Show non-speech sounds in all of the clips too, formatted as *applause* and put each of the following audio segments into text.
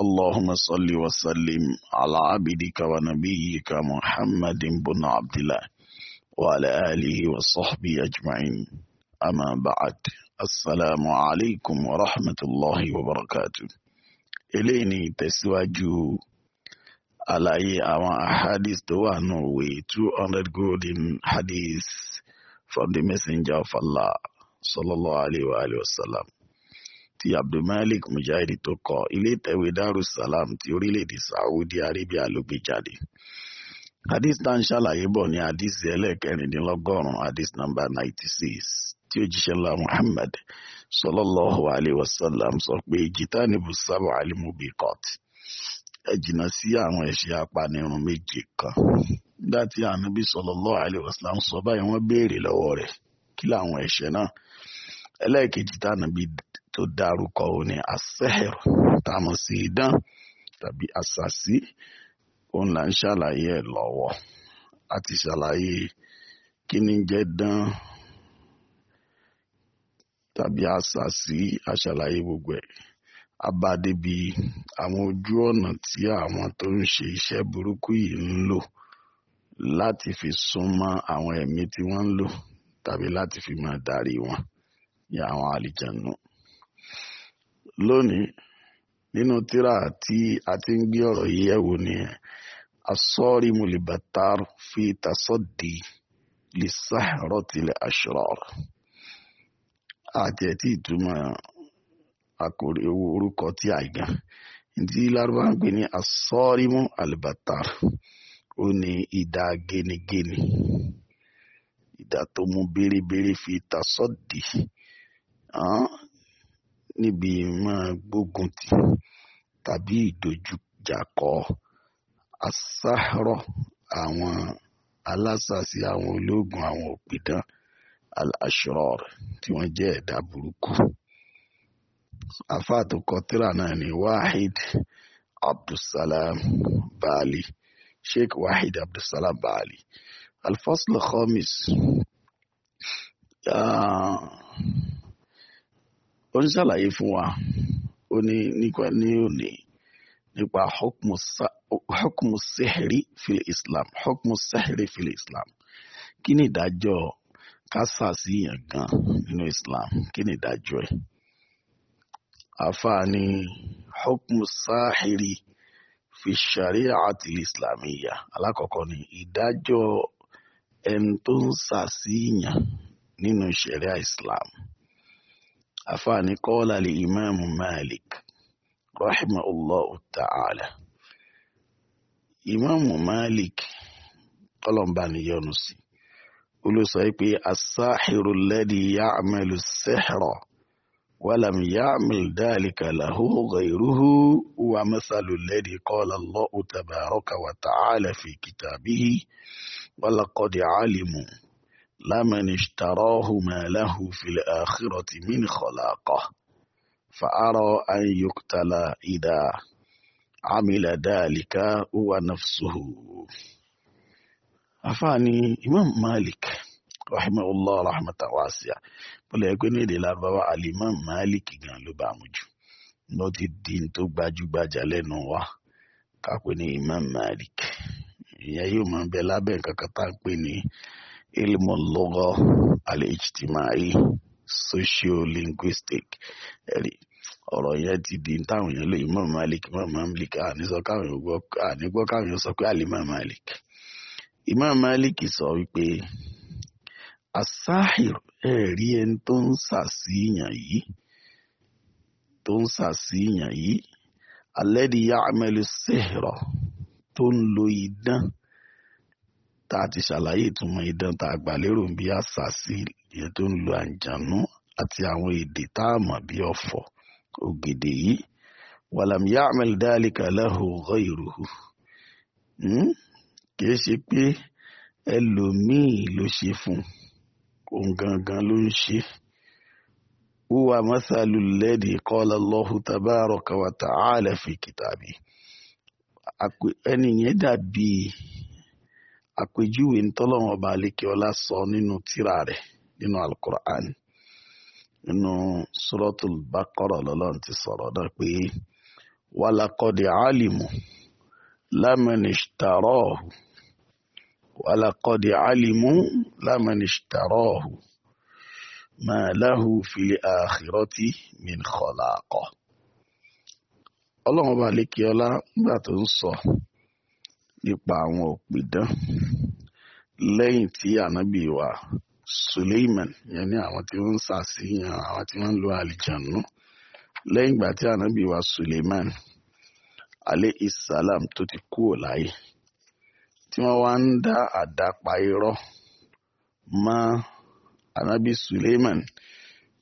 اللهم صل وسلم على عبدك ونبيك محمد بن عبد الله وعلى آله وصحبه أجمعين أما بعد السلام عليكم ورحمة الله وبركاته إليني تسواجو على أي أما حديث wà nù wé 200 golden hadith from the messenger of Allah صلى الله عليه وآله وسلم ti abdulmalik mujahid tó kọ ilé ìtẹ̀wé darussalam ti orílẹ̀-èdè saudi arabia ló gbé jáde hadith tá ń ṣàlàyé bọ̀ ní hadith ẹlẹ́ẹ̀kẹrìndínlọ́gọ́rùn-ún hadith number ninety six tí òjíṣẹ́ ńlá muhammad sallallahu alayhi wa sọ pé ẹ jìnnà sí àwọn apanirun méje kan nígbà tí sọ báyìí wọ́n béèrè lọ́wọ́ rẹ̀ kí làwọn náà ẹlẹ́ẹ̀kejì tó dárúkọ òun ni asẹ́hẹ̀rù tá a mọ̀ sí idán tàbí àṣàsí òun là ń ṣàlàyé ẹ̀ lọ́wọ́ a ti ṣàlàyé kí ni jẹ́ dán tàbí àṣàsí àṣàlàyé gbogbo ẹ̀ abádébi àwọn ojú ọ̀nà tí àwọn tó ń ṣe iṣẹ́ burúkú yìí ń lò láti fi súnmọ́ àwọn ẹ̀mí tí wọ́n ń lò tàbí láti fi máa darí wọn ní àwọn àlìjànú. No lónìí nínú tíra tí a ti ń gbé ọ̀rọ̀ yìí yẹ̀wò nìyẹn asọ́rí mulibatar fi tasọ́dì lè sáhẹ̀rọ̀ tilẹ̀ aṣọ́rọ̀ àti ẹ̀tí ìtumọ̀ àkòrí owó orúkọ tí a gan tí lárúbá ń pè ní asọ́rímù alibatar ó ní ìdá genegene ìdá tó mú bérebére fi tasọ́dì níbi máa gbógun tì tàbí ìdojújakọ asáárọ̀ àwọn alásàsí àwọn ológun àwọn òpìdán al-ashrar tí wọ́n jẹ́ ẹ̀dá burúkú àfáà tó kọ tírà náà ni wahid abdulsalam baali sheikh wahid abdulsalam baali alfasl khamis. Uh, ó ń ṣàlàyé fún wa ó ní nípa ní òní nípa hukmu sihiri fil islam hukmu sihiri fil islam kí ni ìdájọ́ kásà sí yàn gan nínú islam kí ni ìdájọ́ ẹ̀ àfààní hukmu sahiri fi sharia àti islamiyya alákọ̀ọ́kọ́ ni ìdájọ́ ẹni tó ń sàṣìyàn nínú sharia islam. islam àfààní kọ́ọ̀lá lè ìmáàmù Malik rahimahullahu ta'ala ìmáàmù Malik kọlọ̀mbà níyọnu sí olùsọ pé asáhìrù lẹ́dí ya'malu sihra walam ya'mal dhalika lahu ghayruhu wa masalu lẹ́dí kọ́ọ̀lá Allahu tabaraka wa ta'ala fi kìtàbíhi walaqad alimu. لمن اشتراه ما له في الآخرة من خلاقه فأرى أن يقتل إذا عمل ذلك هو نفسه أفاني إمام مالك رحمه الله رحمة واسعة bọ́lá ẹgbẹ́ ní èdè lábáwá alimam malik gan ló bá mu jù ló ti di tó gbajúgbajà lẹ́nu wa kápẹ́ ní imam malik ìyẹn yóò máa bẹ lábẹ́ nǹkan kan tá à ń pè ní ilmu lugha al-ijtimai sociolinguistic ẹ̀rí ọ̀rọ̀ yẹn ti di táwọn èèyàn lò Imam Malik Imam Malik àní káwọn sọ pé Al-Imam Malik Imam Malik sọ wípé asahir ẹ̀rí ẹni tó ń sàṣìyàn yìí tó ń sàṣìyàn yìí alladhi ya'malu sihra tó ń lo idán tá a ti ṣàlàyé ìtumọ̀ idán tá a gbà lérò bí àṣàṣì ìyẹn tó ń lo àǹjànú àti àwọn èdè tá a mọ̀ bí ọ̀fọ̀ ògèdè yìí wàlàm ya'mal dhalika lahu ghayruhu hmm? kìí ṣe pé ẹlòmíì ló ṣe fún òun gangan ló ń ṣe huwa mathalu alladhi qala Allahu tabaraka wa ta'ala fi kitabi ẹni yẹn dàbí àpèjúwe ntọ́lọ́wọ́n ọba alekeola sọ nínú tírà rẹ̀ nínú alukur'an nínú suratul baqara lọ́lọ́run ti sọ̀rọ̀ náà pé wàlàkọ́dì alimu lámẹ́nìṣtàrọ́ọ̀hù wàlàkọ́dì alimu lámẹ́nìṣtàrọ́ọ̀hù máa láhù fi àkhírọ́tì min khalaq ọlọ́run ọba alekeola nígbà tó ń sọ. So, nípa àwọn òpìdán lẹ́yìn tí ànábì wa Suleiman yẹn ní àwọn tí wọ́n ń ṣàṣeyàn àwọn tí wọ́n ń lo àlìjànú lẹ́yìn ìgbà tí ànábì wa Suleiman alẹ́ isalam tó ti kúrò láyé tí wọ́n wá ń dá àdápa irọ́ mọ́ ànábì Suleiman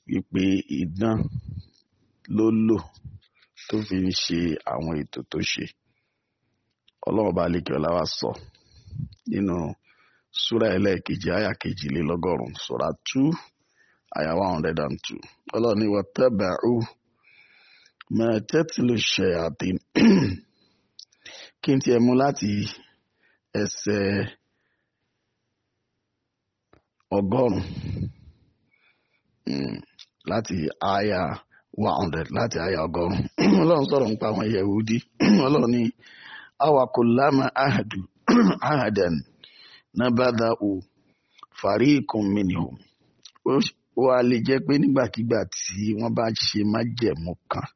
wípé idán ló lò tó fi ń ṣe àwọn ètò tó ṣe ọlọ́run bá lékè ọlá wa sọ nínú súra ẹlẹ́ẹ̀kejì àyà kejìlélọ́gọ́rùn-ún súra àyà one hundred and two ọlọ́run ní wọ́n tẹ́bẹ̀rù mẹ́tẹ́tìlù ṣe àti kí n tiẹ̀ mú láti ẹsẹ̀ ọgọ́rùn mm, láti àyà one hundred láti àyà ọgọ́rùn-ún *clears throat* ọlọ́run sọ̀rọ̀ nípa àwọn Yẹhudi *clears throat* ọlọ́run ní awa kullama ahadu ahadan nabadahu fariqun minhum ó wá lè jẹ́ pé nígbàkigbà tí wọ́n bá ṣe májẹ̀mú kan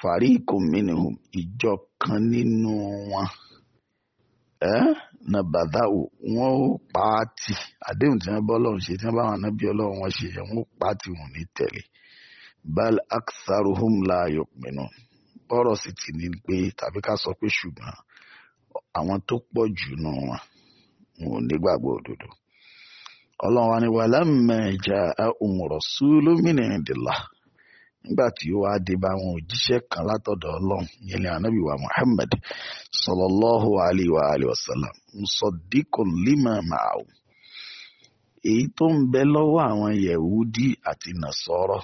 fariqun minhum ìjọ kan nínú wọn na bàdáwò wọn ó pààtì àdéhùn tí wọn bọ Ọlọ́run ṣe tí wọn bá wọn nábì Ọlọ́run wọn ṣe wọn ó pààtì wọn ní tẹ̀lé bal aktharuhum la yu'minun ọ̀rọ̀ sì ti ní pé tàbí ká sọ pé ṣùgbọ́n àwọn tó pọ̀ jù nù wọn ò nígbàgbọ́ òdodo ọlọ́run wa ni walamma ja'ahum rasulun min indillah nígbà tí ó wá dé bá àwọn òjíṣẹ́ kan látọ̀dọ̀ ọlọ́run yẹn ni wa muhammad sallallahu alayhi wa alayhi wa sallam lima èyí tó ń bẹ lọ́wọ́ àwọn yẹ̀wúdí àti nàṣọ́rọ́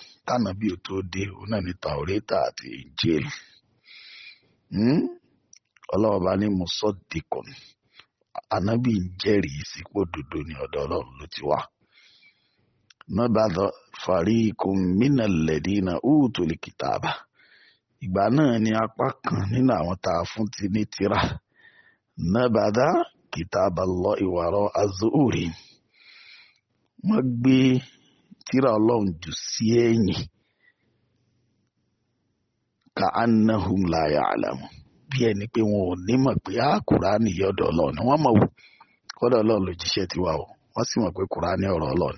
ò tó dé náà àti Hmm? ọlọ́ọ̀bá ní musaddiqun ànábì jẹ́rìí sípò dòdò ní ọ̀dọ̀ ọlọ́run ló ti wá. nọ́bàdàn fariqun minal ladina utul kitaba ìgbà náà ni apá kan nínú àwọn tá a fún ti ní tírà nọ́bàdà kitaballahi wọ́n gbé ọlọ́run jù ka annahum la ya'lamu bí ẹni pé wọn ò ní mọ̀ pé ah, kùránì yọ ọ̀dọ̀ ọlọ́run ni wọ́n mọ̀ wò kọ́dọ̀ ọlọ́run ló jíṣẹ́ ti wá o wọ́n sì mọ̀ pé kùránì ọ̀rọ̀ ọlọ́run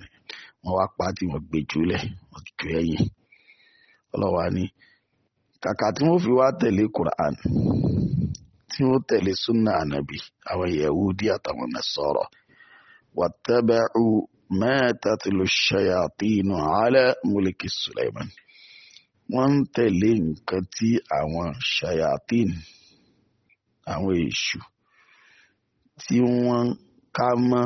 ni wọ́n wá pa á tí wọ́n gbé jùlẹ̀ wọ́n ẹ̀yìn ọlọ́wà ni kàkà tí wọ́n fi wá tẹ̀lé tí wọ́n tẹ̀lé súnà ànàbì àwọn àtàwọn wọ́n ń tẹ̀lé nǹkan tí àwọn shayatin àwọn èṣù tí wọ́n ká mọ́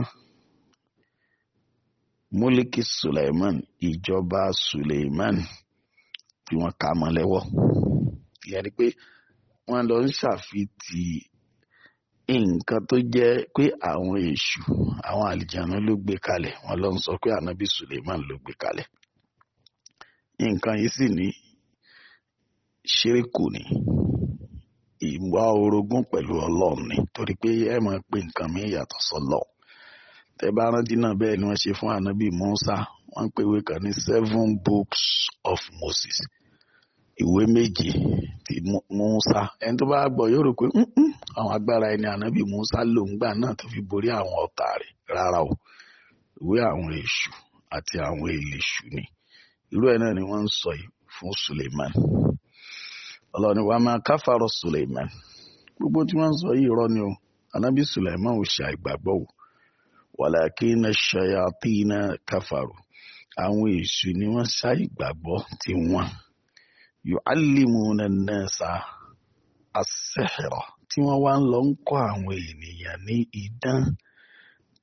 múlíkì suleiman ìjọba suleiman tí wọ́n ká mọ́ lẹ́wọ́ ìyẹn ni pé wọ́n lọ ń ṣàfitì nǹkan tó jẹ́ pé àwọn èṣù àwọn àlìjáná ló gbé kalẹ̀ wọ́n lọ ń sọ pé ànábì suleiman ló gbé kalẹ̀ nǹkan yìí sì ní ṣíríkù ni ìwà orogún pẹ̀lú ọlọ́run ni torí pé ẹ máa pe nǹkan mi yàtọ̀ sọ́lọ́ tẹ bá rántí náà bẹ́ẹ̀ ni wọ́n ṣe fún ànábì Musa wọ́n ń pe ìwé kan ní seven books of Moses ìwé méje ti Musa ẹni tó bá gbọ́ yóò rò pé àwọn agbára ẹni ànábì Musa ló ń gbà náà tó fi borí àwọn ọ̀tá rẹ̀ rárá o ìwé àwọn èṣù àti àwọn èlèṣù ni irú ẹ̀ náà ni wọ́n ń sọ yìí fún Suleiman ọlọ́ni wa máa káfàárọ̀ Suleiman gbogbo tí wọ́n ń sọ yìí irọ́ ni o Suleiman ò ṣe o wàlàkínà ṣayàtìnà káfàárù àwọn èṣù ni wọ́n ṣàìgbàgbọ́ ti wọ́n yu'allimuna an-nasa tí wọ́n wá ń lọ ń kọ́ àwọn ènìyàn ní idán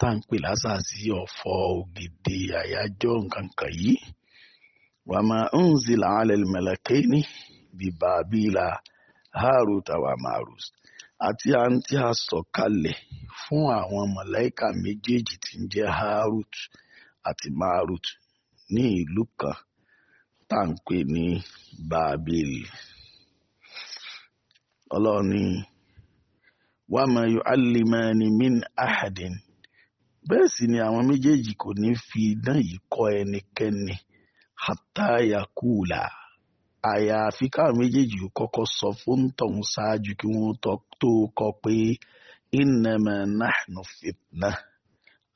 táǹpì lásán sí ọ̀fọ̀ ògidì àyájọ́ nǹkan kan yìí wàmà bíbábílà harut àwa marus àti àwọn tí a sọ̀kalẹ̀ fún àwọn mọ̀láìkà méjèèjì tí ń jẹ́ harut àti marut ní ìlú kan tá à ń pè ní bábélì ọlọ́run ní wàmà yóò alìmọ́ni min ahadin bẹ́ẹ̀ sì ni àwọn méjèèjì kò ní fi idán yìí kọ́ ẹnikẹ́ni hàtáyà kúùlà àyàfi káwọn méjèèjì kọkọ sọ fún tọ̀hún ṣáájú kí wọ́n tó kọ pé innama nahnu fitna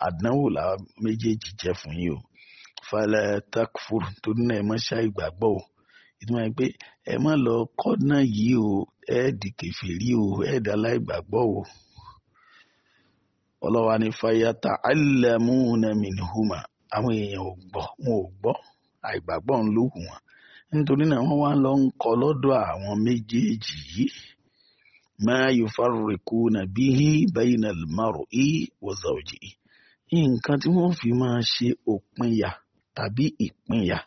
àdánwò làwọn méjèèjì jẹ́ yìí o fala takfur tó ní ẹ mọ́ ṣá ìgbàgbọ́ o ìtumọ̀ ẹ̀ pé ẹ má lọ náà yìí o ẹ̀ o ẹ̀ dà láìgbàgbọ́ o ọlọ́wà ní fayata alẹ́múnà àwọn nítorí náà wọ́n wá ń lọ ń kọ́ lọ́dọ̀ àwọn méjèèjì yìí máa yufarriquna bihi bayna al-mar'i wa zawjihi nǹkan tí wọ́n fi máa ṣe òpinya tàbí ìpinya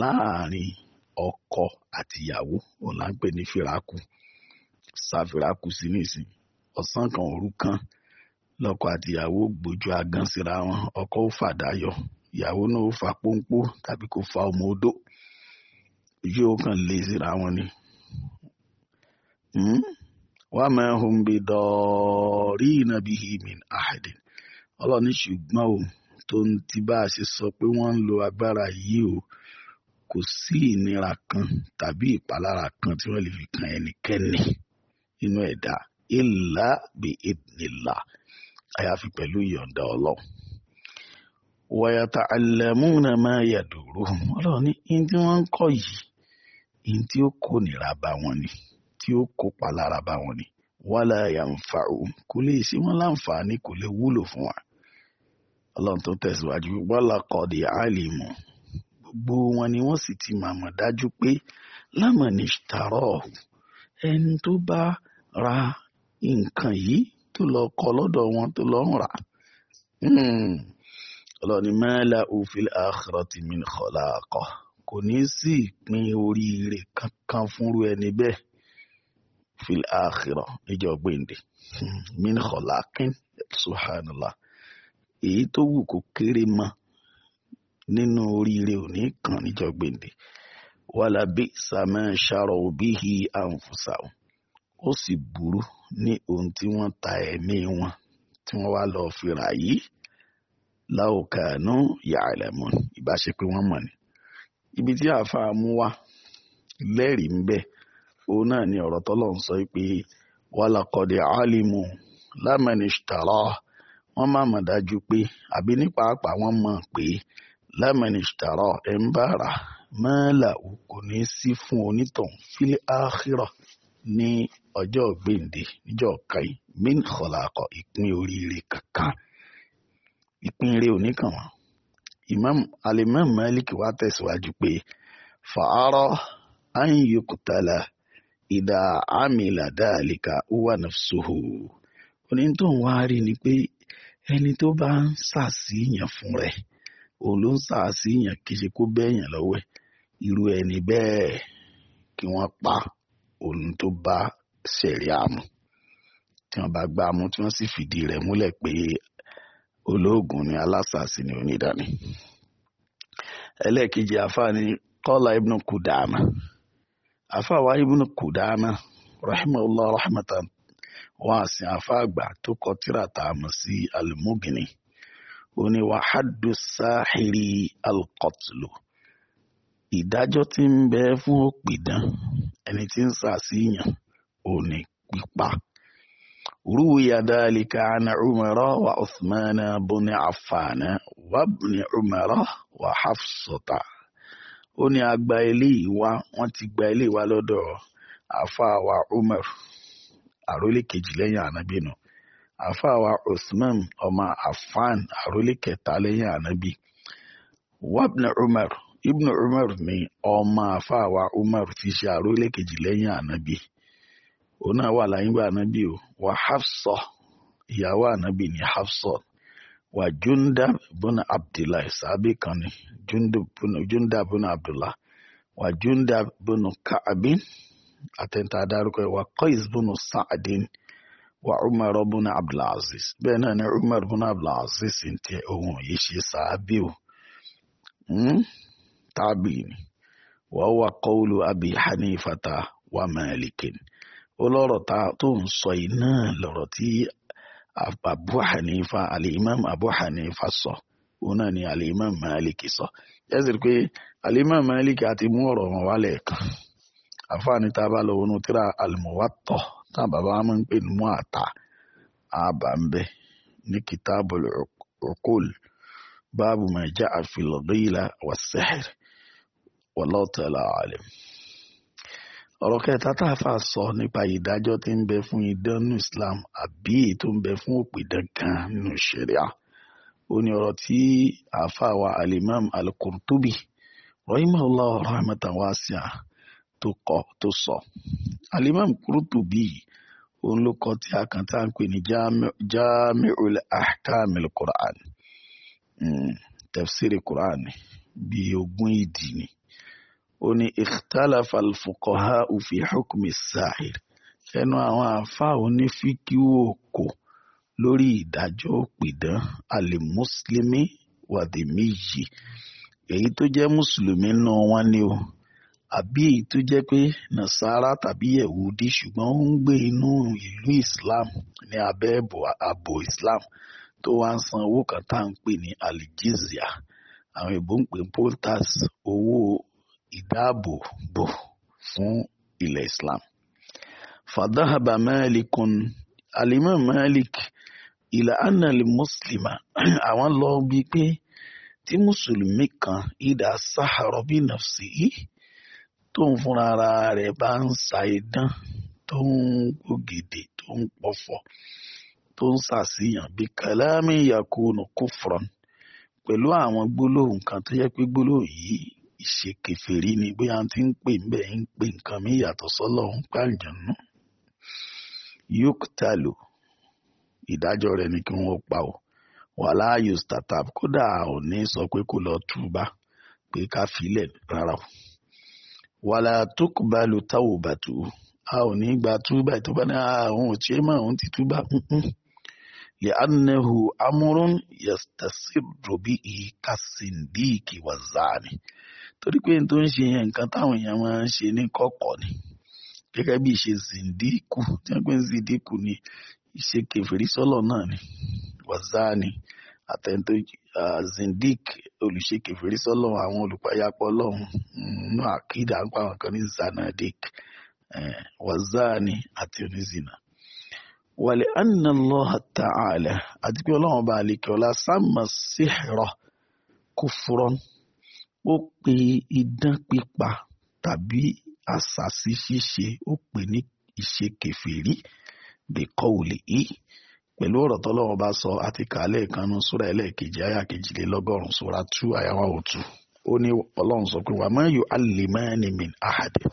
láàrin ọkọ àtìyàwó ọ̀la ń pè ní firaku ṣàfiraku sí nìsín ọ̀sán kan òru kan lọ́kọ àtìyàwó gbójú agán síra wọn ọkọ ó fàdáyọ ìyàwó náà ó fa pọ́npọ́ tàbí kó fa ọmọ odó yóò kàn lé síra wọn ni. Hmm? wa ma hum bidarrina bihi min ahadin ọlọ́ni ṣùgbọ́n o tó ń ti bá a ṣe sọ pé wọ́n ń lo agbára yìí o kò sí ìnira kan tàbí ìpalára kan tí wọ́n lè fi kan ẹnikẹ́ni nínú ẹ̀dá illa bi idnillah àyàfi pẹ̀lú ìyọ̀ǹda ọlọ́run. wa yata'allamuna ma yaduruhum ọlọ́run ní ní tí wọ́n ń kọ́ yìí in tí ó kó nira bá wọn ni tí ó kópa lára bá wọn ni wàhálà yàǹfà òun kò lè ṣe wọn láǹfààní kò lè wúlò fún wa ọlọ́run tó tẹ̀síwájú wàhálà kọ̀dì àìlèmù gbogbo wọn ni wọ́n sì ti màmọ̀ dájú pé lámọ̀ní ṣàrọ̀ ẹni tó bá ra nǹkan yìí tó lọ kọ lọ́dọ̀ wọn tó lọ ń rà hmm. ọlọ́run ni mẹ́lá òfin àkàrà tìmí kọ̀ọ̀lá kọ̀ọ̀ kò ní sí ìpín oríire kankan fúnrú ẹni bẹ́ẹ̀ fil akhira níjọ́ gbèǹde min kholakin subhanallah èyí tó wù kó kéré mọ nínú oríire òní kan níjọ́ gbèǹde wàlá bí sàmẹ ṣàrọ òbí hi àǹfùsà ó sì burú ní ohun tí wọ́n ta ẹ̀mí wọn tí wọ́n wá lọ fira yìí láòkàánú yàrá lẹmọ ìbáṣepẹ wọ́n mọ̀ ni ibi tí àáfàá mú wá lẹ́rìí ń bẹ òun náà ni ọ̀rọ̀ tọ́lọ̀ ń sọ pé walaqad alimu laman ishtara wọ́n má mọ̀ dájú pé àbí ní pàápàá wọ́n mọ̀ pé laman ishtara ẹ̀ ń bá rà kò ní sí fún onítàn fil akhirah ní ọjọ́ gbèǹde níjọ́ kàí min khalaqa ìpín oríire kankan ìpín oníkànwọ́n imam alimam malik wa tẹ̀síwájú pé fàárọ̀ anyukutala ìdá amìlà dáàlìkà uwa nafsuhu onítòun wá rí ni pé ẹni tó bá ń sàṣìyàn fún rẹ̀ òun ló ń sàṣìyàn kì í ṣe kó bẹ́yàn lọ́wọ́ ẹ̀ irú ẹni bẹ́ẹ̀ kí wọ́n pa òun tó bá ṣẹ̀rí àmú tí wọ́n bá gbá mú tí wọ́n sì fìdí rẹ̀ múlẹ̀ pé olóògùn ni alásàásì ni onídàáni ẹlẹ́ẹ̀kejì àfáàní kọ́lá ibnu kùdàmà àfáàwá ibnu kùdàmà rahimahullah rahmatan wọn àsìn àfáàgbà tó kọ tíra tààmù sí alimugini oní wàhádù sáhìrì alkọtùlù ìdájọ́ tí ń bẹ fún òpìdán ẹni tí ń sàṣìyàn òní pípa روي ذلك عن عمر وعثمان بن عفان وابن عمر وحفصة ó ní agba eléyìí wá wọ́n ti gba eléyìí wá lọ́dọ̀ àfàwà Umar àrólé kejì lẹ́yìn ànábìnú àfàwà Usman ọmọ Affan àrólé kẹta lẹ́yìn ànábì wabna Umar ibnu Umar ni ọmọ àfàwà Umar ti ṣe àrólé kejì lẹ́yìn ànábì òun náà wà láyé gbà ànábì o wà Hafsa ìyàwó ànábì ní Hafsa wà Jundab bùnà Abdullahi sàbí kan ní Jundab bùnà Abdullahi wà Jundab bùnà Ka'abin àtẹ̀ntà adárúkọ wà Qais bùnà Sa'adin wà Umar bùnà Abdulaziz bẹ́ẹ̀ náà ni Umar bùnà Abdulaziz ń tẹ ohun yìí ṣe sàbí o hmm? tábìlì wà wà qawlu Abi Hanifata wà Malikin ó lọ́rọ̀ tá tó ń sọ yìí náà lọ́rọ̀ tí abu hanifa alimam abu hanifa sọ òun náà ni alimam malik sọ yẹ́sì pé alimam malik àti mú ọ̀rọ̀ wọn wálẹ̀ kan àfáàní tá a bá lọ wọnú tíra almuwatta tá bàbá wa máa ń pè ní mú àtà ní kitabul uqul báàbù ma ja'a fil ghila was sihr ọ̀rọ̀ kẹta tá a fà sọ nípa ìdájọ́ tí ń bẹ fún idán nínú Islam àbí èyí tó ń bẹ fún òpìdán kan nínú Sharia ó ní ọ̀rọ̀ tí àáfàá wa alimam al-Qurtubi rahimahullah rahmatan wasi'a tó kọ tó sọ alimam Qurtubi òun ló kọ tí a kàn tá à ń pè ní jami'ul ahkam quran hmm, tafsiri Qur'an bíi ogún ìdí ni ó ní ikhtalafa al-fuqaha fi hukmi sahir ẹnu àwọn àáfàá onífíkíwò kò lórí ìdájọ́ òpìdán alimuslimi wàdìmíyì èyí tó jẹ́ mùsùlùmí nù wọn ni o àbí èyí tó jẹ́ pé nasara tàbí yẹ̀wùdí ṣùgbọ́n ó ń gbé inú ìlú islam ní abẹ́ ààbò islam tó wá ń san owó kan tá à ń pè ní alijizia àwọn ìbò ń pè potas owó ìdáàbòbò fún ilẹ̀ Islam. fàdáhàbà Malikun alimọ̀ Malik ìlà anàlì mùsùlùmá àwọn lọ bíi pé tí mùsùlùmí kan ìdá sáhàrọ̀ bí nàfsì yìí tó ń fúnra ara rẹ̀ bá ń sa idán tó ń gbògèdè tó ń pọ̀fọ̀ tó ń ṣàṣìyàn bí kàlámì yakunu kufran pẹ̀lú àwọn gbólóhùn kan tó yẹ pé gbólóhùn yìí ìṣe kèfèrí ni bóyá tí ń pè bẹ́ẹ̀ ń pè nǹkan mí yàtọ̀ sọ́lọ́run pàjánù yókùtàlù ìdájọ́ rẹ̀ ni kí wọ́n pa ọ́ wàhálà ayọ̀s tàtà kódà ò ní sọ pé kó lọ túbà pé ká filẹ̀ rárá o wàhálà tó kù bá lu táwọ̀ bàtú a ò ní gba túbà ìtọ́ba ah, òun ò tiẹ̀ mọ́ òun ti túbà لأنه أمر يستسر به كالصنديق والزاني torí pé n tó ń ṣe yẹn nǹkan táwọn èèyàn máa ń ni gẹ́gẹ́ bí ìṣe sìndíkù tí wọ́n pè ń sìndíkù ni ìṣe kẹfìrí sọ́lọ̀ náà ni wazani àtẹ̀ntò zindik olùṣe kẹfìrí sọ́lọ̀ àwọn wàlẹ̀ annalọ́ha ta'ala àti pé ọlọ́run bá àlekè ọlá sáàmà síhìrọ̀ kò fúrọ́n ó pe idán pípa tàbí àṣàṣì ṣíṣe ó pè ní ìṣe kẹfìrí bẹ̀kọ́ òlè é pẹ̀lú ọ̀rọ̀ tọ́lọ́run bá sọ àti kàálẹ̀ ìkànnù súra ẹlẹ́ẹ̀kejì àyà kejìlélọ́gọ́rùn-ún súra tú àyàwá òtù oh ó ní ọlọ́run sọ pé wàá má alẹ́ mọ́ ẹni mìn àhàdẹ́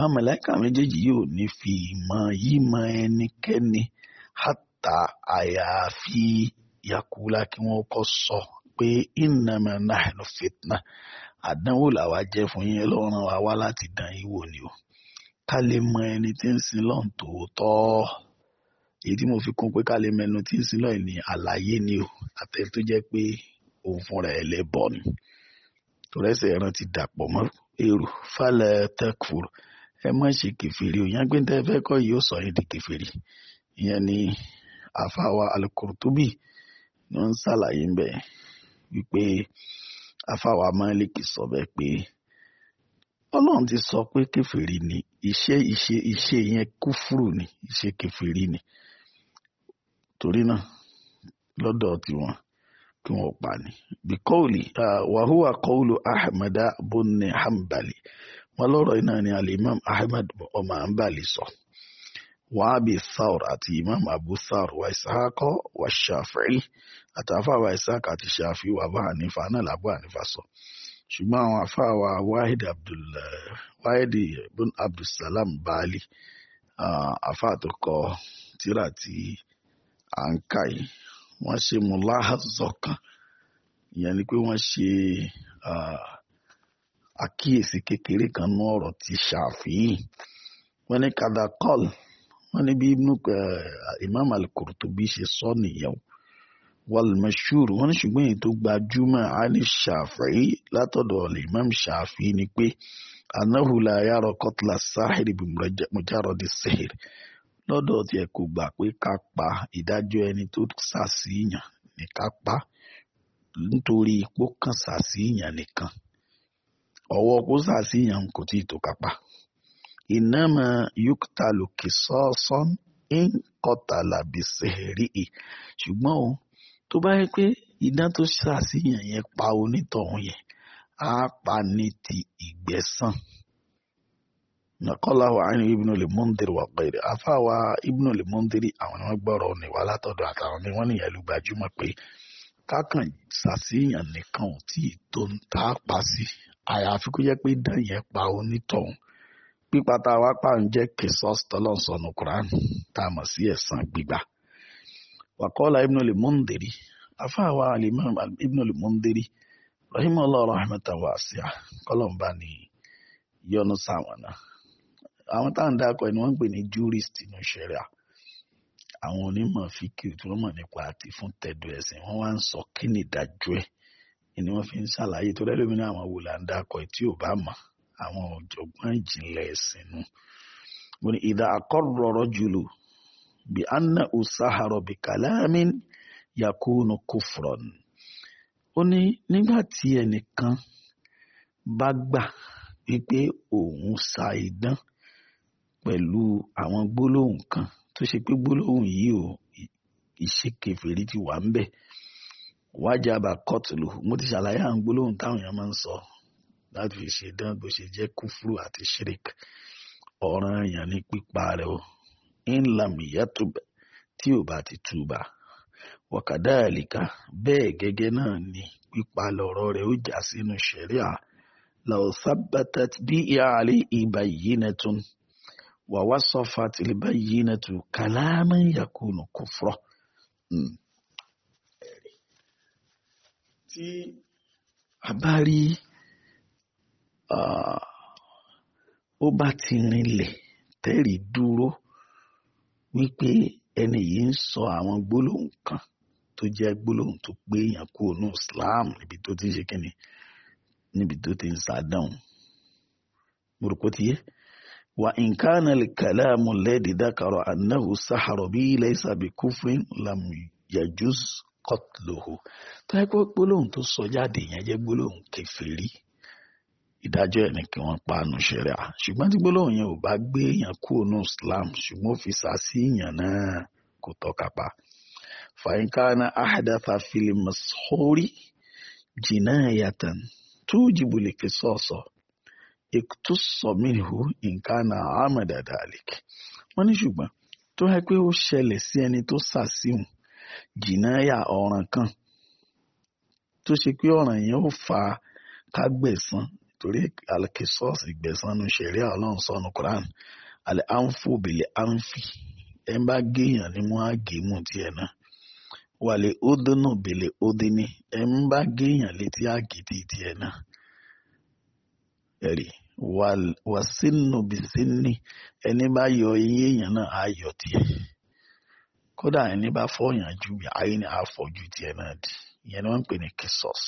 àwọn mẹ̀láìkà méjèèjì yóò ní fi ìmọ̀ yìí mọ ẹnikẹ́ni hàtà àyàfi yakula kí wọ́n kọ́ sọ pé innama nahnu fitna àdánwò làwa jẹ́ fún yín lọ́rùn wa wá láti dán yín wò ni o ká lè mọ ẹni tí ń sin lọ́n tòótọ́ èyí tí mo fi kún pé ká lè mẹnu tí ń sin lọ́n ní àlàyé ni o àtẹ̀lé tó jẹ́ pé òun fúnra ẹ̀ lẹ́bọ̀ ni tòrẹ́sẹ̀ ẹran ti dàpọ̀ mọ́ èrò fálẹ̀ tẹ́kùrù ẹ má ṣe kẹfìrí o yẹn pé tẹ́ fẹ́ kọ́ yìí ó sọ yín di kẹfìrí ìyẹn ni àfàwà alukurtubi ló ń ṣàlàyé ńbẹ wípé àfàwà Málíkì sọ bẹ́ẹ̀ pé Ọlọ́run ti sọ pé kẹfìrí ni iṣẹ́ iṣẹ́ iṣẹ́ yẹn kúfùrù ni iṣẹ́ kẹfìrí ni torí náà lọ́dọ̀ tiwọn kí wọ́n pa ni bíkọ́ọ̀lì wàhùwà kọ́ọ̀lù Ahmada bunni Hanbali wọn lọ́rọ̀ iná ni alimam ahmed ọmọ àǹbàlì sọ wọn á bí saur àti imam abu saur wa isahakọ wa shafi'i àtàfà wa isahak àti shafi wa abu hanifa náà làbú hanifa sọ ṣùgbọ́n àwọn afá wa wahid abdul wahid ibn abdulsalam baali afá tó kọ tíra tí à ń ṣe mùláhàzọ̀ kan ìyẹn ni pé wọ́n ṣe. Uh, àkíyèsí kékeré kan nú ọ̀rọ̀ ti wọn ni ní kadakol wọn ni bí eh, imam al-Qurtubi ṣe sọ nìyẹn walmashur ṣùgbọ́n èyí tó gbajúmọ̀ ali látọ̀dọ̀ imam ni pé anahula kọtla sahiri bí mujarodi sahiri lọ́dọ̀ tiẹ̀ kò gbà pé ká pa ìdájọ́ ẹni tó sàṣìyàn ní ká pa nítorí ipò kan sàṣìyàn nìkan ọwọ́ kó sàṣìyàn kò tí ì tó kápá ìnáma yuktalu kisoson nkọtàlà biseheri i ṣùgbọ́n o tó bá yẹ pé idán tó ṣàṣìyàn yẹn pa onítọ̀hún yẹn á pa ní ti ìgbẹ̀san nàkọ́láwọ̀ àyìn ibùnú lè mọ́ndìrì wà pẹ̀lú afáwa ibùnú lè mọ́ndìrì àwọn ni wọ́n gbọ́rọ̀ níwá látọ̀dọ̀ àtàwọn ni wọ́n nìyẹn ló gbajúmọ̀ pé kákan ṣàṣìyàn nìkan ò tí ì tó ń tá a pa sí àyàfi kó jẹ́ pé idán yẹn pa onítọ̀hún pípa tá a wá pa ń jẹ́ kẹsọ́s tọ́lọ́n quran tá a mọ̀ sí ẹ̀san gbígbà wàkọ́lá ibn al-mundiri afáwa alimam ibn al-mundiri rahim allah rahmatan wasi'a kọlọmba ni yọnu sáwọn náà àwọn tá ń dákọ ni wọ́n ń pè ní jurist ní ṣẹ̀ríà àwọn onímọ̀ fíkì tí wọ́n mọ̀ nípa àti fún tẹ̀dọ̀ ẹ̀sìn wọ́n wá ń sọ kí ni ìdájọ́ ẹ̀ ni wọ́n fi ń ṣàlàyé tó rẹ́ lómìnira àwọn wò là ń dakọ̀ tí ò bá mọ̀ àwọn ọ̀jọ̀gbọ́n ìjìnlẹ̀ ẹ̀sìn nu. mo ní ìdá akọ́rọ̀rọ̀ jùlọ bí anna usaharo bí kalamin yakunu kufron. ó ní nígbà tí ẹnìkan bá gbà wípé òun sa idán pẹ̀lú àwọn gbólóhùn kan tó ṣe pé gbólóhùn yìí ò ìṣekèfèrí ti wà ń bẹ̀ wájàbà kọ́tùlù mo ti ṣàlàyé àwọn gbólóhùn táwọn èèyàn máa ń sọ láti fi ṣe dán bó ṣe jẹ́ kúfúrú àti ṣírík ọ̀ràn èèyàn ní pípa rẹ̀ o inlam yatub tí ò bá ti túbà wàkàdá àlìkà bẹ́ẹ̀ gẹ́gẹ́ náà ni pípa lọ̀rọ̀ rẹ̀ ó jà sínú ṣẹ̀ríà law thabbatat bí ìyá àlè bayyinatun wa wasafat al bayyinatu kalaman yakunu kufra. Mm tí a bá rí ó bá ti rinlẹ̀ tẹ́rì dúró wípé ẹni yìí ń sọ àwọn gbólóhùn kan tó jẹ́ gbólóhùn tó gbé èèyàn kúrò ní Islam níbi tó ti ń ṣe kíni níbi tó ti ń sàdáhùn mo rò pé ó ti yé. وإن كان الكلام الذي ذكر أنه سحر به ليس بكفر لم يجوز kọ́tìlóhù tó yẹ pé gbólóhùn tó sọ jáde yẹn jẹ́ gbólóhùn kèfèrí ìdájọ́ ẹ̀ ní kí wọ́n panu ṣẹ̀rẹ̀ à ṣùgbọ́n tí gbólóhùn yẹn ò bá gbé èèyàn kúrò ní Islam ṣùgbọ́n ó fi sàásì èèyàn náà kò tọ́ka pa fàyínkáná àhàdáfà fílímù sórí jìnnà yàtọ̀ tó jìbùlì kì sọ̀ọ̀sọ̀ ìtúsọ̀ mìíràn nǹkanà àmàdàdàlẹ̀ wọ́n ní ṣùgbọ́n tó yẹ pé ṣẹlẹ̀ sí ẹni tó sàṣìhùn jìnnáyà ọ̀ràn kan tó ṣe pé ọ̀ràn yẹn ó fa kágbẹ̀sán torí alikisọ́ọ̀sì gbẹ̀sán nu ṣẹ̀ríà ọlọ́run sọnù Quran alẹ́ anfo bèlè anfi ẹ̀ ń bá géèyàn ni wọ́n á gé mú tiẹ̀ náà wàlẹ̀ ódónà bèlè ódíní ẹ̀ ń bá géèyàn létí àgìdì tiẹ̀ náà ẹ̀rí wàsínú bìsínì ẹni bá yọ eyín èèyàn náà á yọ tiẹ̀ kódà ẹni bá fọyàn jù ayé ni àfọ̀jù tiẹ̀ náà di ìyẹn ni wọ́n ń pè ní kisos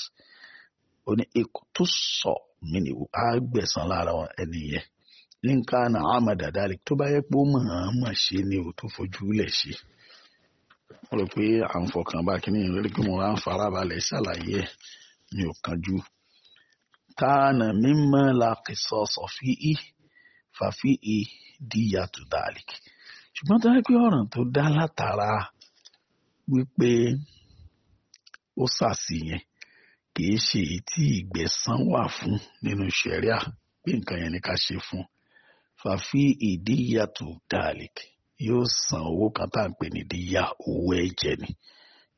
ó ní ikú tó sọ mí ni á gbẹ̀san lára ẹni yẹn nǹkan àná àmà dàdálì tó bá yẹ pé ó mọ̀ ọ́n mọ̀ ṣe ni ò tó fojú lẹ̀ ṣe mo rò pé à ń fọkàn bá kí ni ìrírí pé mo máa ń farabalẹ̀ ṣàlàyé ẹ̀ mi ò kánjú. kánà mímọ́ la kisos ọ̀fíì fàfíì díyàtú dàlíkì ṣùgbọ́n tó yẹ pé ọ̀ràn tó dá látara wípé ó sàsì yẹn kìí ṣe èyí tí ìgbẹ̀san wà fún nínú ṣẹ̀ríà pé nǹkan yẹn ni ká ṣe fún fàfi ìdíyàtò dalek yóò san owó kan tá à ń pè ní díyà owó ẹ̀jẹ̀ ni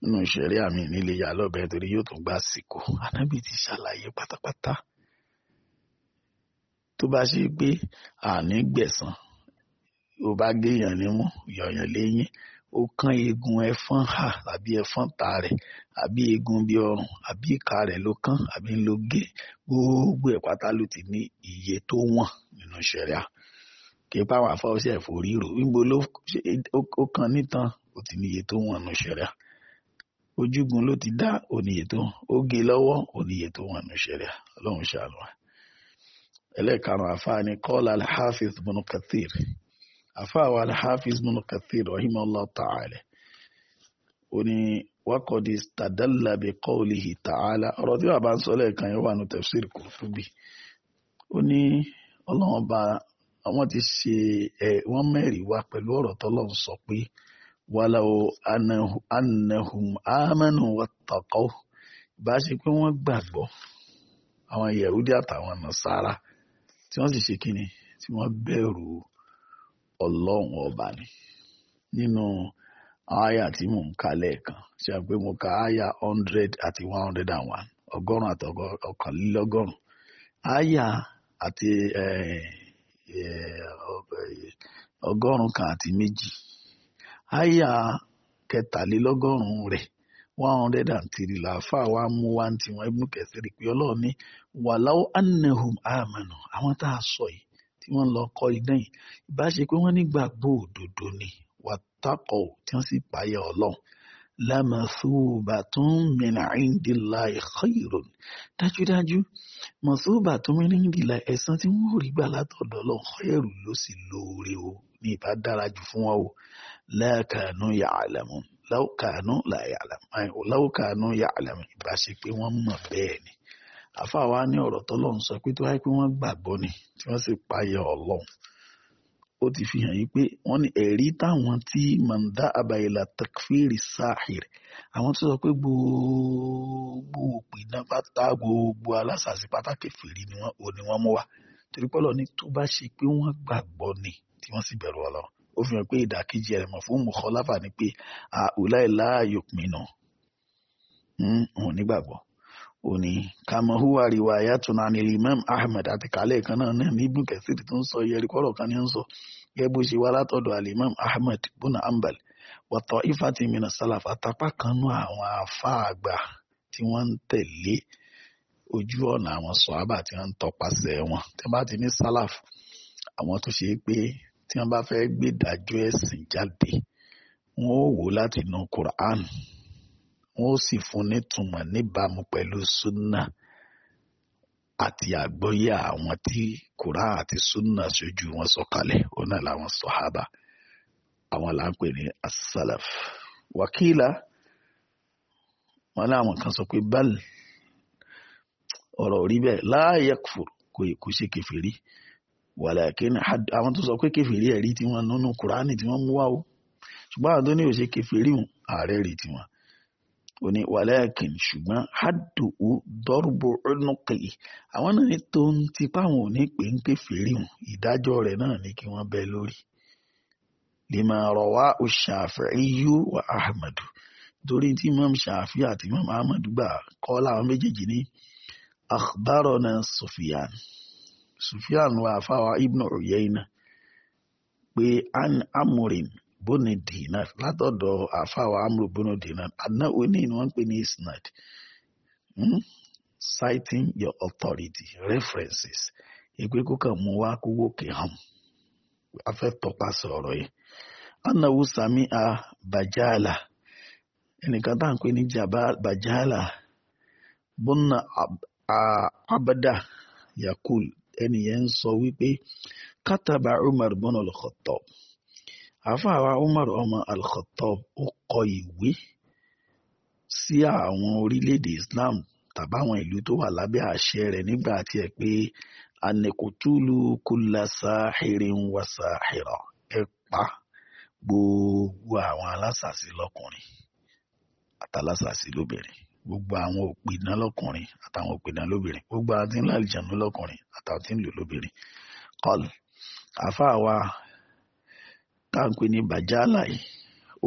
nínú ṣẹ̀ríà mi nílé ya lọ́bẹ̀ torí yóò tún gba àsìkò anábì ti ṣàlàyé pátápátá tó bá ṣe pé àní gbẹ̀san ó bá géèyàn nímú yọ̀yàn léyìn ó kán eegun ẹfọn hà àbí ẹfọn ta rẹ̀ àbí eegun bíi ọrùn àbí ìka rẹ̀ ló kán àbí ń lo gé gbogbo ẹ̀ pátá ló ti ní iye tó wọ̀n nínú ṣẹ̀ríà kí páwọn afọwọsẹ forí rò níbo ló ó kàn nìtàn ó ti ní iye tó wọ̀n nínú ṣẹ̀ríà ojúgun ló ti dá oníye tó ó gé lọ́wọ́ oníye tó wọ̀n nínú ṣẹ̀ríà Ọlọ́run ṣàlùwà ẹlẹ́ẹ̀karùn-ún àfáà ni kọ́lá al-Hafiz ibn Kathir àfáà wa alhafiz ibn kathir rahimahullah ta'ala ó ní wákọ̀dí tàdálà bí kọ́ọ̀lìhì ta'ala ọ̀rọ̀ tí wàá bá ń sọ lẹ́ẹ̀kan yẹn wà ní tafsir Qurtubi ó ní ọlọ́run bá àwọn ti ṣe ẹ̀ wọ́n mẹ́rin wá pẹ̀lú ọ̀rọ̀ tọ́lọ́run sọ pé wàláwo anahum amanu wattaqaw bá ṣe pé wọ́n gbàgbọ́ àwọn yahudi àtàwọn nasara tí wọ́n sì ṣe kíni tí wọ́n bẹ̀rù ọlọ́run ọba ni nínú aya tí mò ń ka lẹ́ẹ̀kan ṣe àpé mo ka aya hundred àti one hundred and one ọgọ́rùn àti ọ̀kànlélọ́gọ́rùn àti ọgọ́rùn-ún àti méjì kẹtàlélọ́gọ́rùn-ún rẹ̀ tí wọ́n lọ kọ́ iná yìí ìbá ṣe pé wọ́n nígbàgbọ́ òdodo ni wàtàkọ̀ tí wọ́n sì páyà ọlọ́run lámàṣúbà tó ń mìíràn ìdílà ẹ̀kọ́ ìròyìn dájúdájú màṣúbà tó ń mìíràn ìdílà ẹ̀san tí wọ́n rí gbà látọ̀dọ̀ lọ́kọ́ ẹ̀rù ló sì lóore o ní ìbá dára jù fún wọn o láàkànú yàálàmù láàkànú yàálàmù ìbá ṣe pé wọ́n mọ̀ bẹ́ẹ̀ ni. Afa wa ní ọ̀rọ̀ tọ́lọ́run sọ pé tó wáyé pé wọ́n gbàgbọ́ ni tí wọ́n sì páyà ọlọ́run ó ti fi hàn yí pé wọ́n ní ẹ̀rí táwọn tí mọ̀ndá àbàyèlà takfiri sáhìr àwọn tó sọ pé gbogbo òpìdán pátá gbogbo alásàsí pátákì fèrè ni wọ́n ò ní wọ́n mú wa torí pọ́lọ̀ ní tó bá ṣe pé wọ́n gbàgbọ́ ni tí wọ́n sì bẹ̀rù ọlọ́run ó fi hàn pé ìdàkejì ẹ̀rẹ̀ mọ̀ fún mùkọ́láfà ni pé àùláìláàyò pinnu hmm, òun nígbàgbọ́ òní kàmọ́húwà rìwáyà tún anil imam ahmed àti kálẹ̀ kan náà ní ibùn kẹsìrì tó ń sọ yẹri kan ní ń sọ gẹ́gẹ́ bó ṣe wá látọ̀dọ̀ alimam ahmed buna ambal wàtọ̀ ifáàtì mina salaf àtàpá kan nú àwọn afá àgbà tí wọ́n ń tẹ̀lé ojú ọ̀nà wọn tí wọ́n bá ti ní àwọn tó ṣe é pé tí wọ́n wọ́n ó sì fún nítumọ̀ níbàámu pẹ̀lú súnà àti àgbọ́yé àwọn tí Kùrán àti súnà ṣojú wọn sọ̀kalẹ̀ ọ̀nà làwọn sọ̀hábà àwọn là ń pè ní as-salaf wọn láwọn kan sọ pé bal ọ̀rọ̀ rí bẹ́ẹ̀ la yakfur kò yẹ kó ṣe kẹfìrí wàlàkín àwọn tó sọ pé kẹfìrí ẹ̀rí tiwọn nínú Kùránì tí mú wá o ṣùgbọ́n àwọn tó ní òṣè kẹfìrí ààrẹ rí tiwọn ó ní wàlẹ́ẹ̀kìn ṣùgbọ́n hádùú dọ́rùbù ọ̀nùkì àwọn náà ní tó ń tipa wọn ò ní pè ń pè fèrè wọn ìdájọ́ rẹ̀ náà ní kí wọ́n bẹ lórí. lima rọwa ṣàfẹ́yú wa ahmadu torí tí imam ṣàfi àti imam ahmadu gbà kọ́ láwọn méjèèjì ní akhbarona sufiyan sufiyan wa afáwa ibnu uyayna pé an bóni dinar látọ̀dọ̀ àfàwà amúrò bóni dinar àná oní ni wọ́n ń pè ní isnad hmm? citing your authority references ìpè kókàn mú wá kówó kìhàn a fẹ́ tọpasẹ̀ ọ̀rọ̀ yìí anáwó sami a bajala, ẹnìkan tá à ń pè ní bàjáàlà bónà abada yakul ẹnìyẹn ń sọ wípé kátàbà Umar bọ́nà al àfàwà Umar ọmọ Al-Khattab ó kọ ìwé sí àwọn orílẹ̀-èdè Islam tàbáwọn ìlú tó wà lábẹ́ àṣẹ rẹ̀ nígbà tí ẹ pé anekutulu kula sahirin wa sahira ẹ pa gbogbo àwọn alásàsí lọ́kùnrin àtàlásàsí lóbìnrin gbogbo àwọn òpìdán lọ́kùnrin àtàwọn òpìdán lóbìnrin gbogbo àti ńlá ìjànú lọ́kùnrin àtàwọn tí ń lò lóbìnrin kọlù àfáà táǹpé ní bàjálà yìí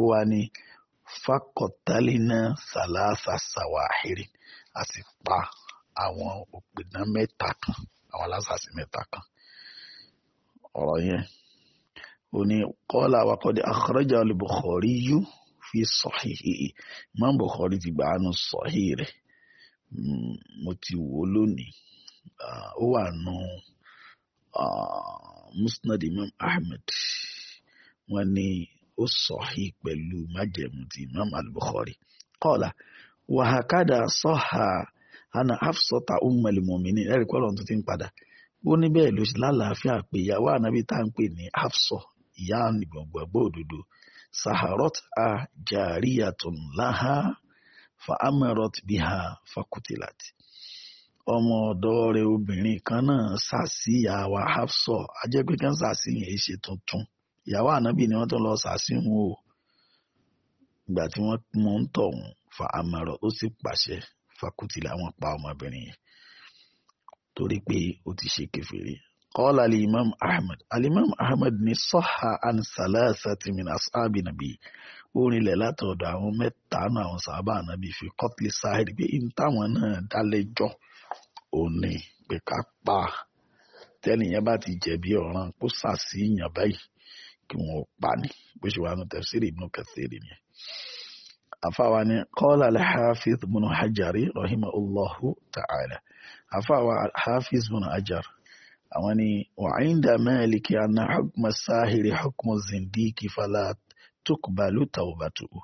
ó wá ní fakọtálínà sàlásà sàwáhìrì a sì pa àwọn òpìdá mẹ́ta kan àwọn alásàsì mẹ́ta kan ọ̀rọ̀ yẹn ó ní kọ́lá awakọ̀dé akhraja al-Bukhari yú fi sahihi Imam Bukhari ti gbà ánú sahihi rẹ̀ mo ti wò ó lónìí ó wà nù ah, Musnad Imam Ahmed. wọ́n ni ó sọ̀hí pẹ̀lú májẹ̀mú ti imam al-bukhari kọ́ọ̀lá wàhákàdà sọ́hà ana hafsata ummul mu'minin ẹ̀rí kọ́ lọ́n ti ń padà ó ní bẹ́ẹ̀ ló lálàáfíà pé ìyàwó ànábì tá à ń pè ní hafsọ ìyá ìgbọ̀ngbọ̀gbọ̀ òdodo saharot a jariyatun laha fa amarot biha fakutilat ọmọ ọ̀dọ̀ rẹ̀ obìnrin kan náà sàṣìyà wa hafsọ si awa sàṣìyàn tuntun ìyàwó ànábì ni wọ́n tún lọ sàṣìhùn o ìgbà tí wọ́n mú ń tọ̀hún fa àmọ̀rọ̀ ó sì pàṣẹ fakútì làwọn pa ọmọbìnrin yẹn torí pé ó ti ṣe kẹfìrí. kọ́lá alimam ahmed alimam ahmed ní sọ́ha an salasati min ashabi nabi ó rinlẹ̀ látọ̀dọ̀ àwọn mẹ́ta náà àwọn sábà nabi fi kọ́tìlì sáhìd pé n táwọn náà dálẹ́jọ́ òní pé ká kí wọn ò pa ni bó ṣe wà nù tafsiri ibnu kathiri ni. àfáwa ni qala al-hafiz ibnu hajari rahimahullahu ta'ala àfáwa hafiz ibnu hajar àwọn ni wa inda maliki anna hukma sahiri hukmu zindiki fala tukbalu tawbatuhu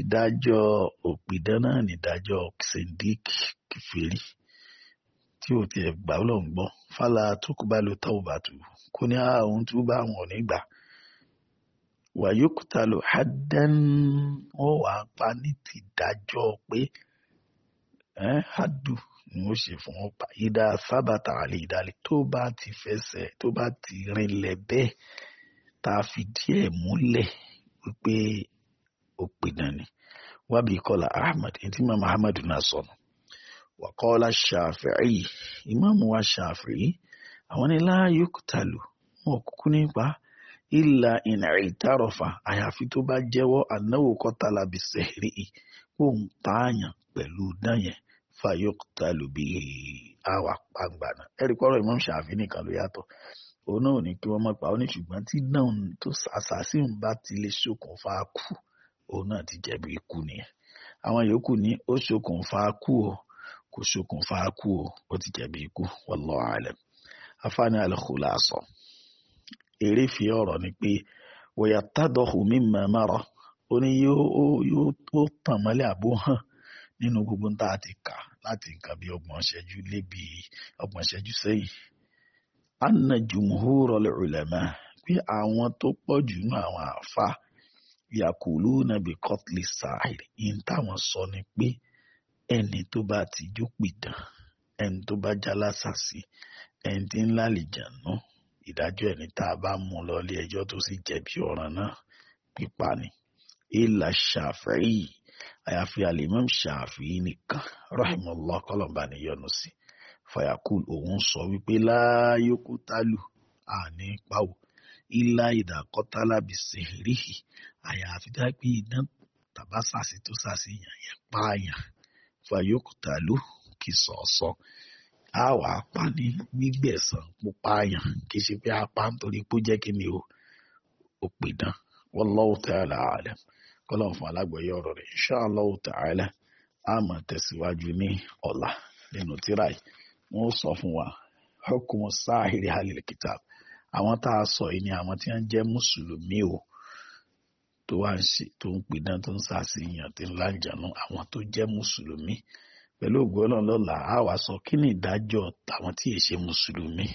ìdájọ́ òpìdán náà nìdájọ́ zindiki kìfèrí tí ò tiẹ̀ gbà fala tukbalu tawbatuhu kò ní ah, àwọn tó bá wọn ò ní gbà wàyókùtàlù hadan wọ́n wàá pa ní ti dájọ́ pé hadu ni ó ṣe fún wọn pa ìdá sábàtà àlè ìdálẹ̀ tó bá ti fẹsẹ̀ tó bá ti rinlẹ̀ bẹ́ẹ̀ tá a fi díẹ̀ múlẹ̀ wípé ó pinna ni wábìí kọ́lá ahmed ẹni tí màmá ahmed náà sọnù wàkọ́lá ṣàfẹ́rì ìmáàmù wa ṣàfẹ́rì àwọn ni láàyò kùtàlù wọn kúkú nípa ìlà ìnà ìtàrọ̀fà àyàfi tó bá jẹ́wọ́ ànáwó kọ́tàlá bí sẹ́rí kó ń pààyàn pẹ̀lú dáyẹn fayokta lóbi àwà pàgbàna ẹ̀rí kọ́rọ̀ Imam Ṣàfi nìkan ló yàtọ̀ òun náà ò ní kí wọ́n mọ̀ pa ó ní ṣùgbọ́n tí náà tó assassin bá ti lè ṣokùnfà kú òun náà ti jẹ̀bi ikú nìyẹn àwọn yòókù ní ó ṣokùnfà kú o kò ṣokùnfà kú o ó ti jẹ̀bi ikú wallahu alam afáàní al-khulasa eré fi ọ̀rọ̀ ni pé wòyà tádọ̀hù mí mẹ́mẹ́rọ ó ní yóò tàn mọ́lẹ̀ àbó hàn nínú gbogbo tá a ti kà láti nǹkan bí ọgbọ̀n ṣẹ́jú lébi ọgbọ̀n ṣẹ́jú sẹ́yìn. anna jumhuro lulama pé àwọn tó pọ̀ jù nínú àwọn àfa yakulu nabi kotli sahir yìí táwọn sọ ni pé ẹni tó bá ti jó pìtàn ẹni tó bá já ẹni tí ń lálejànú ìdájọ́ ẹni tá a bá mú lọ ilé ẹjọ́ tó sì jẹ̀bi ọ̀ràn náà pípa ni ilà ṣàfẹ́yì àyàfi alimam ṣàfihì nìkan rahimahullah kọlọmba níyọnu sí fayakul òun sọ wípé láyókútálù àní pawò ilá ìdàkọ́tálà bí sèhìrìhì àyàfi dágbé iná tàbá sàṣì tó sàṣì yàn yẹn pààyàn fayókútálù kì sọ̀ọ̀sọ̀ a wà á pa ní nígbẹ̀sán pupa àyàn kì í ṣe pé a pa nítorí pé ó jẹ́ kí ni o ò pè dán wallahu ta'ala alam kọ́lọ̀ fún alágbọ̀yé ọ̀rọ̀ rẹ̀ insha Allah ta'ala a máa tẹ̀síwájú ní ọ̀la nínú tíra yìí wọ́n sọ fún wa hukumu sahiri halil kitab àwọn tá a sọ yìí ni àwọn tí wọ́n jẹ́ mùsùlùmí o tó wá ń ṣe tó ń pidán tó ń sàṣeyàn tó àwọn tó jẹ́ mùsùlùmí pẹ̀lú ògùn ọlọ́run lọ́la a wá sọ kí ni ìdájọ́ tàwọn tí èè ṣe mùsùlùmí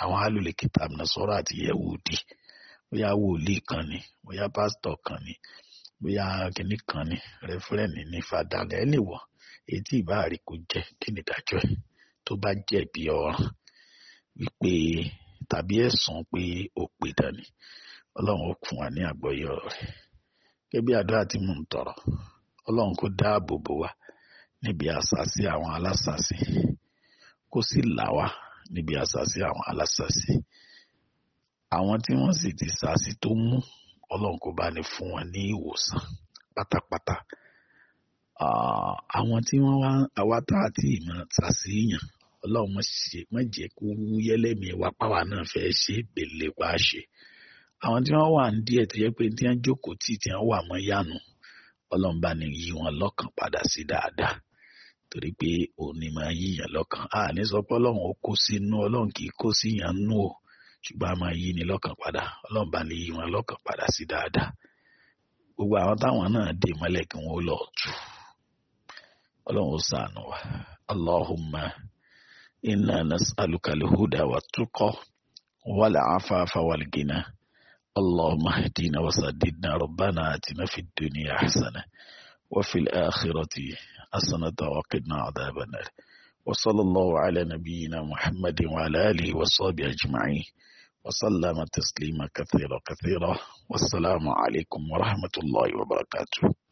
àwọn alòlè kìtàbù nàṣọ́rọ̀ àti yẹ̀wòdì bóyá wòlíì kan ni bóyá pásítọ̀ kan ni bóyá kìnnì kan ni rẹ́fúrẹ́nì ni fàdàlẹ́ lè wọ̀ èyí tí ìbá rí kò jẹ́ kí ni ìdájọ́ ẹ̀ tó bá jẹ̀bi ọ̀ràn wípé tàbí ẹ̀sùn pé ó pè dání ọlọ́run ó fún wa ní àgbọ́yé rẹ̀ gẹ́gẹ́ àdúrà tí mò ń tọrọ ọlọ́run kó dáàbò bò wá níbi àṣàsí àwọn alásàsí kó sì là wá níbi àṣàsí àwọn alásàsí àwọn tí wọ́n sì ti sàsí tó mú ọlọ́run kó bá ní fún wọn ní ìwòsàn pátápátá àwọn tí wọ́n wá àwa tá àti ìmọ̀ sàsí yàn ọlọ́run mọ̀ ṣe mọ̀ jẹ́ kó wa páwa náà fẹ́ ṣe bèlè pa ṣe àwọn tí wọ́n wà ní díẹ̀ tó yẹ pé tí wọ́n jókòó tì tí wọ́n wà mọ́ yánu ọlọ́run bá ní yí wọn lọ́kàn padà sí dáadáa torí pé òun ni máa yíyàn lọ́kàn a ní sọ pé ọlọ́run ó kó sínú ọlọ́run kì í kó síyàn nú o ṣùgbọ́n a máa yí ni lọ́kàn padà ọlọ́run bá lè yí wọn lọ́kàn padà sí dáadáa gbogbo àwọn táwọn náà dè mọ́lẹ̀ kí wọ́n lọ tù ọlọ́run ó ṣàánú wa allahumma inna nas'aluka al-huda wa tuqa wal afafa wal ghina allahumma ihdina wa saddidna rabbana atina fid وفي الآخرة حسنة وقنا عذاب النار وصلى الله على نبينا محمد وعلى آله وصحبه أجمعين وسلم تسليما كثيرا كثيرا والسلام عليكم ورحمة الله وبركاته